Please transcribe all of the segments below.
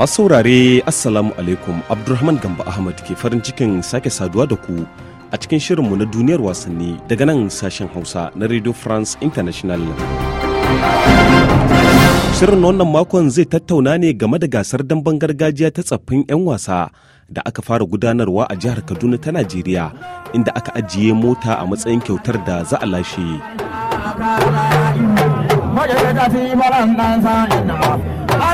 Masu saurare Assalamu alaikum Abdulrahman Gamba Ahmad ke farin cikin sake saduwa da ku a cikin shirinmu na duniyar wasanni daga nan sashen Hausa na Radio France International. Shirin wannan makon zai tattauna ne game da gasar damben gargajiya ta tsaffin 'yan wasa da aka fara gudanarwa a jihar Kaduna ta Najeriya inda aka ajiye mota a matsayin kyautar da za a lashe. To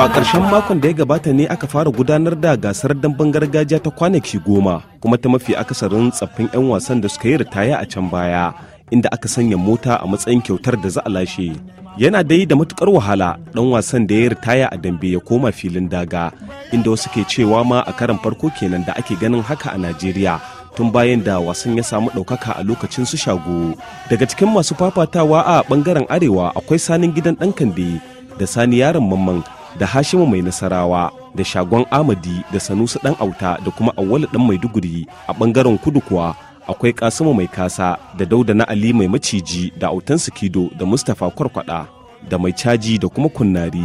a ƙarshen makon da ya gabata ne aka fara gudanar da gasar damben gargajiya ta kwanaki goma kuma ta mafi akasarin tsaffin 'yan wasan da suka yi ritaya a can baya inda aka sanya mota a matsayin kyautar da za a lashe. Yana da yi da matukar wahala ɗan wasan da ya yi ritaya a dambe ya koma filin daga inda wasu ke cewa ma a karan farko kenan da ake ganin haka a Najeriya tun bayan da wasan ya samu ɗaukaka a lokacin su shago. Daga cikin masu fafatawa a ɓangaren arewa akwai sanin gidan ɗan kande da sani yaron mamman da hashimu mai nasarawa da shagon amadi da sanusa dan auta da kuma awwala dan maiduguri a bangaren kudu kuwa akwai kasimu mai kasa da dauda na ali mai maciji da autan sikido da mustapha kwarkwada da mai caji da kuma kunnari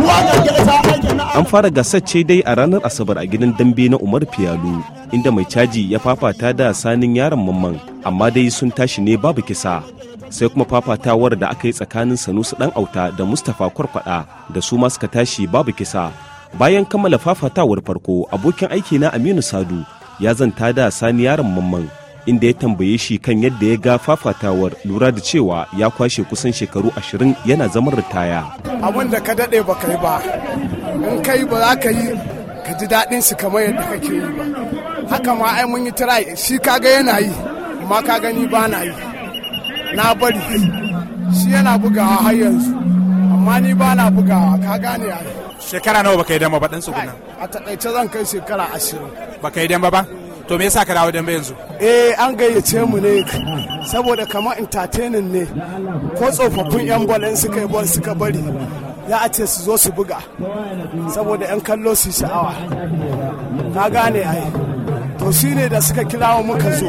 Ruwa ga gida an fara gasar ce dai a ranar asabar a gidan dambe na umar fiyalu inda mai caji ya fafata da sanin yaron mamman amma dai sun tashi ne babu kisa sai kuma fafatawar da aka yi tsakanin sanusi dan auta da mustapha kwarkwada da su ma suka tashi babu kisa bayan kammala fafatawar farko abokin aiki na aminu sadu ya zanta da sani yaron mamman inda ya tambaye shi kan yadda ya ga fafatawar lura da cewa ya kwashe kusan shekaru ashirin yana zaman ritaya abin da ka daɗe baka yi ba in kai ba za ka yi ka ji daɗin shi kamar yadda kake yi ba haka ma ai mun yi tirayi shi kaga yana yi amma ka gani ba na yi na bari shi yana bugawa har yanzu amma ni ba na bugawa ka gane ya shekara nawa baka yi damba ba dan tsuguna a taƙaice zan kai shekara ashirin baka yi damba ba to me yasa ka dawo damba yanzu eh an gayyace mu ne saboda kamar entertaining ne ko tsofaffin yan bol suka yi bol suka bari za a ce su zo su buga saboda 'yan kallo su sha'awa na gane ai to shi ne da suka wa muka zo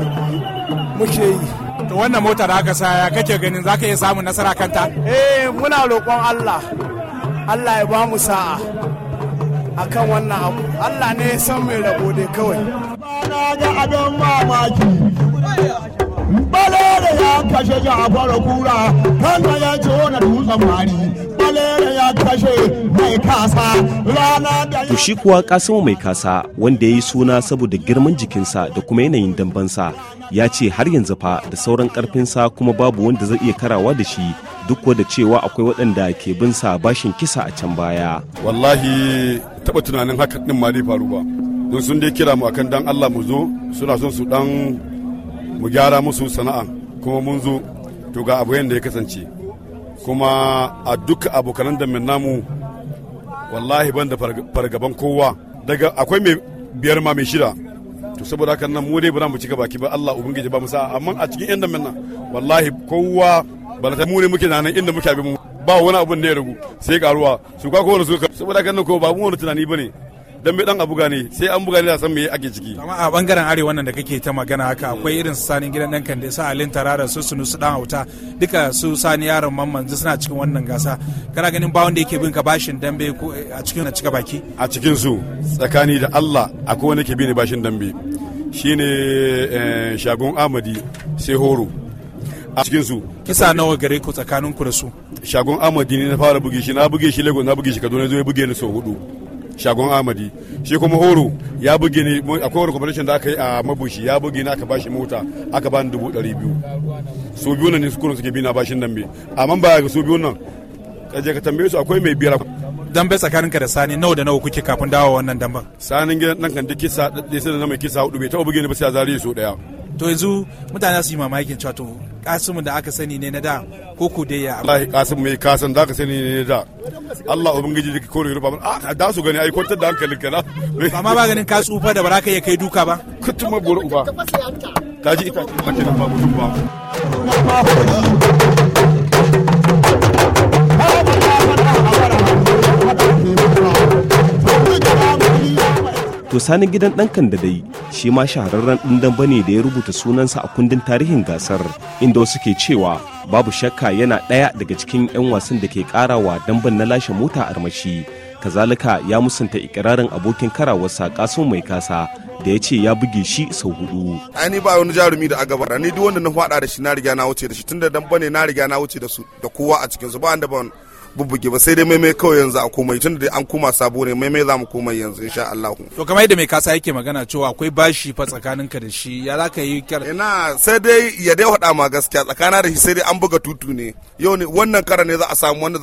muke yi to wannan motar haka saya kake ganin za ka iya samun nasara kanta eh muna roƙon allah allah ya ba mu sa'a akan wannan abu allah ne ya san mai rabo dai kawai ga abin mamaki bale da ya kashe jafar kura kan ya ce wani dutsen mari to shi kuwa kasimu mai kasa wanda ya yi suna saboda girman jikinsa da kuma yanayin dambansa ya ce har yanzu fa da sauran karfinsa kuma babu wanda zai iya karawa da shi duk da cewa akwai waɗanda ke bin sa bashin kisa a can baya wallahi taba tunanin haka din ma faru ba don sun dai kira mu akan dan Allah mu zo suna son su dan mu gyara musu sana'a kuma mun zo to ga abu yanda ya kasance kuma a duka abokanan da namu wallahi ban da fargaban kowa daga akwai mai biyar ma mai shida to saboda haka nan mu dai ba mu cika baki ba Allah ubangiji ba mu sa amma a cikin yan da nan wallahi kowa ba ta mu ne muke nan inda muke abin mu ba wani abun ne ya rugu sai karuwa su ka kowane su saboda haka nan ko ba mu wani tunani bane dan bai dan a buga ne sai an buga ne da san me ake ciki amma a bangaren arewa nan da kake ta magana haka akwai irin sanin gidan dan kan da sa alin tarara su sunu su dan hauta duka su sani yaron mamman suna cikin wannan gasa kana ganin ba wanda yake bin ka bashin dambe ko eh, a cikin cika baki a cikin su tsakani da Allah akwai wanda ke bi ni bashin dambe shine eh, shagon Amadi sai horo a cikin su kisa nawa gare ku tsakanin ku da su shagon Amadi ne na fara buge shi na buge shi Lagos na buge shi Kaduna zai buge ni sau hudu shagon amadi shi kuma horo ya buge ni akwai wani competition da aka yi a mabushi ya buge ni aka bashi mota aka bani dubu ɗari biyu su biyu nan ne su kuna suke bi na bashin dambe amma ba ga su biyu nan kaje ka tambaye su akwai mai biyar dambe ka da sani nawa da nawa kuke kafin dawo wannan damben sanin gidan ɗan kan da kisa ɗaya sai da na mai kisa hudu bai taɓa buge ni ba sai a zariya su ɗaya to yanzu mutane su yi mamakin cewa to kasimu da aka sani ne na da ko ku dai ya Allah kasimu mai kasan da aka sani ne na da Allah ubangiji da kore ruba a ah, da su gani ai kwantar da hankalin ka na amma ba ganin ka tsufa da baraka ya kai duka ba ma bor uba ka ji ita ba ta ba gudun ba to sanin gidan dan kanda da dai shi ma shahararren ɗin bane ne da ya rubuta sunansa a kundin tarihin gasar inda wasu ke cewa babu shakka yana ɗaya daga cikin 'yan wasan da ke karawa damban na lashe mota armashi kazalika ya musanta ikirarin abokin karawarsa kaso mai kasa da ya ce ya buge shi sau hudu. Ani ba wani jarumi da aga bara ni duk wanda na faɗa da shi na riga na wuce da shi tunda dan bane na riga na wuce da su da kowa a cikin su ba da ban bubbuge ba sai dai maimai kawai yanzu a komai tun da an koma sabo ne maimai za mu komai yanzu insha Allah to kamar yadda mai kasa yake magana cewa akwai bashi fa tsakaninka da shi ya za ka yi kyar ina sai dai ya dai faɗa ma gaskiya tsakana da shi sai dai an buga tutu ne yau ne wannan kara ne za a samu wanda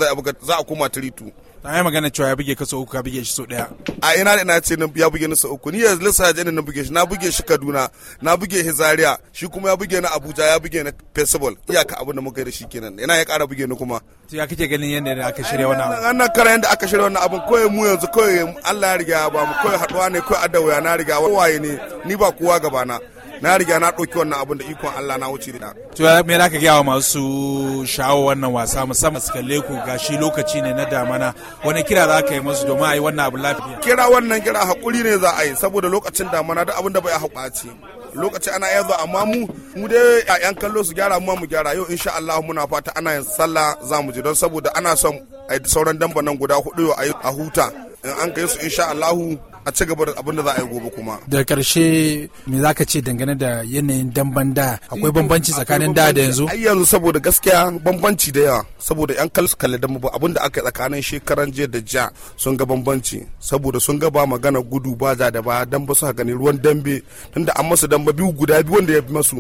za a koma tiritu ta yi magana cewa ya buge ka sau uku ka buge shi sau daya a ina da ina ce ya buge ni sau uku ni ya lissa da na buge shi na buge shi kaduna na buge shi zaria shi kuma ya buge ni abuja ya buge ni festival iyaka abin da muka yi da shi kenan ina ya kara buge ni kuma to ya kake ganin yadda aka shirya wani abu. annan kara yadda aka shirya wani abin koyi mu yanzu koyi Allah ya riga ya ba mu koyi haɗuwa ne koyi adawa na riga waye ne ni ba kowa gabana na riga na ɗauki wannan abun da ikon Allah na wuce da to me za ka gaya wa masu sha'awar wannan wasa musamman su kalle ku gashi lokaci ne na damana wani kira za ka yi musu domin a yi wannan abu lafiya kira wannan kira hakuri ne za a yi saboda lokacin damana duk abin da bai ce. lokaci ana yanzu amma mu mu dai ƴaƴan kallo su gyara mu mu gyara yau insha Allah muna fata ana yin sallah za mu je. don saboda ana son a sauran damba nan guda hudu a huta in an kai su insha Allahu a ci gaba da abin da za a yi gobe kuma da karshe me za ka ce dangane da yanayin damban da akwai bambanci tsakanin da da yanzu ai yanzu saboda gaskiya bambanci da yawa saboda yan kalsu kalli da ba abin da aka tsakanin shekaran jiya da ja sun ga bambanci saboda sun ga ba magana gudu ba za da ba dan ba su gani ruwan dambe tunda an masu damba biyu guda biyu wanda ya bi masu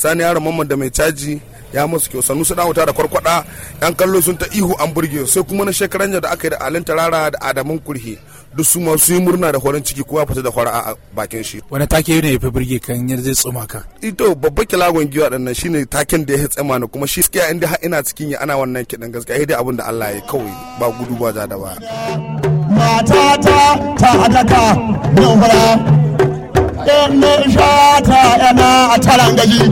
sani yaron mamman da mai caji ya masu kyau sannu su wuta da kwarkwada yan kallo sun ta ihu an burge sai kuma na shekaran da aka yi da alin tarara da adamun kurhi duk su masu yi murna da horon ciki kowa fita da hora a bakin shi wani take ne ya fi birge kan yar zai tsoma ka ito babban kilagon giwa din nan shine taken da ya tsama ni kuma shi gaskiya inda har ina cikin ya ana wannan kidan gaskiya dai abin da Allah ya kawai ba gudu ba da ba mata ta ta hadaka nubara ne sha ta yana a taran gaji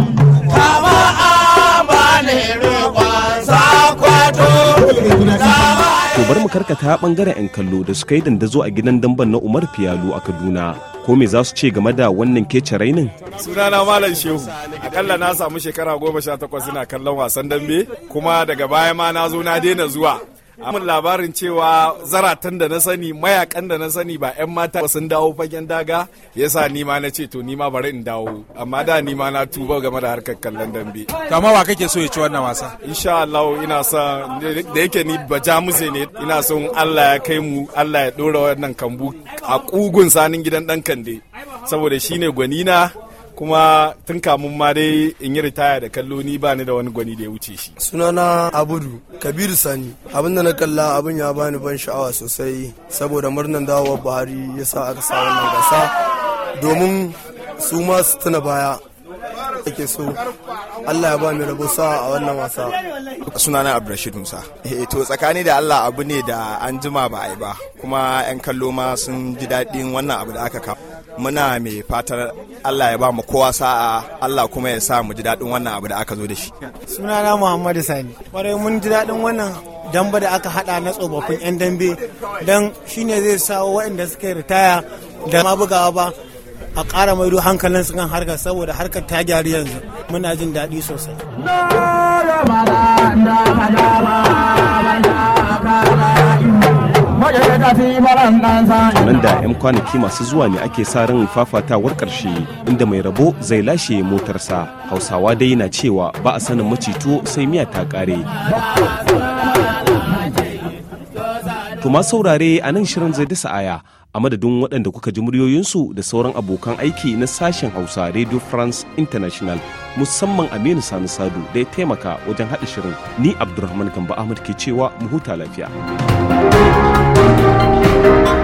kama a ba ne ruwan sakwato kama To bari mu karkata bangaren 'yan kallo da suka yi dandazo a gidan damban na Umar Fiyalu a Kaduna. Ko me za su ce game da wannan kece rainin? Sunana Malam Shehu, akalla na samu shekara goma sha takwas ina kallon wasan dambe, kuma daga baya ma na zo na daina zuwa mun labarin cewa zaratan da na sani mayakan da na sani ba 'yan mata sun dawo fagen daga yasa ni ma na ce to ni ma bari in dawo amma da ni ma na tuba game da harkar kallon dambe kama wa kake so ya ci wannan wasa insha Allah ina sa da yake ni ba jamuse ne ina son Allah ya kai mu Allah ya dora wannan kambu a kugun sanin gidan dan kande saboda shine gwanina kuma tun kamun ma dai in yi ritaya da kallo ni ba ni da wani gwani da ya wuce shi sunana abudu kabiru sani abin da na kalla abin ya bani ban sha'awa sosai saboda murnan dawowar buhari ya sa aka sa wannan gasa domin su ma su tuna baya ake so Allah ya bani mu rabo sa a wannan wasa. Sunana Abdulrashid Musa. Eh to tsakani da Allah abu ne da an jima ba a yi ba kuma 'yan kallo ma sun ji daɗin wannan abu da aka kawo. muna mai fatar Allah ya ba mu kowa sa'a Allah kuma ya sa mu ji daɗin wannan abu da aka zo da shi. Sunana Muhammadu Sani. Kwarai mun ji daɗin wannan damba da aka haɗa na tsofaffin 'yan dambe don shine zai sawo waɗanda suka ritaya da ma bugawa ba a ƙara maido hankalin su kan harkar saboda harkar ta gyaru yanzu muna jin daɗi sosai. nan da 'yan kwanaki masu zuwa ne ake sa ran fafatawar ƙarshe inda mai rabo zai lashe motarsa hausawa dai na cewa ba a sanin macito sai miya ta ƙare tuma saurare a nan shirin zai dasa aya a madadin waɗanda kuka ji muryoyinsu da sauran abokan aiki na sashen hausa radio france international musamman aminu sani sadu da ya taimaka wajen haɗa shirin ni abdulrahman gamba ahmad ke cewa mu huta lafiya Thank you.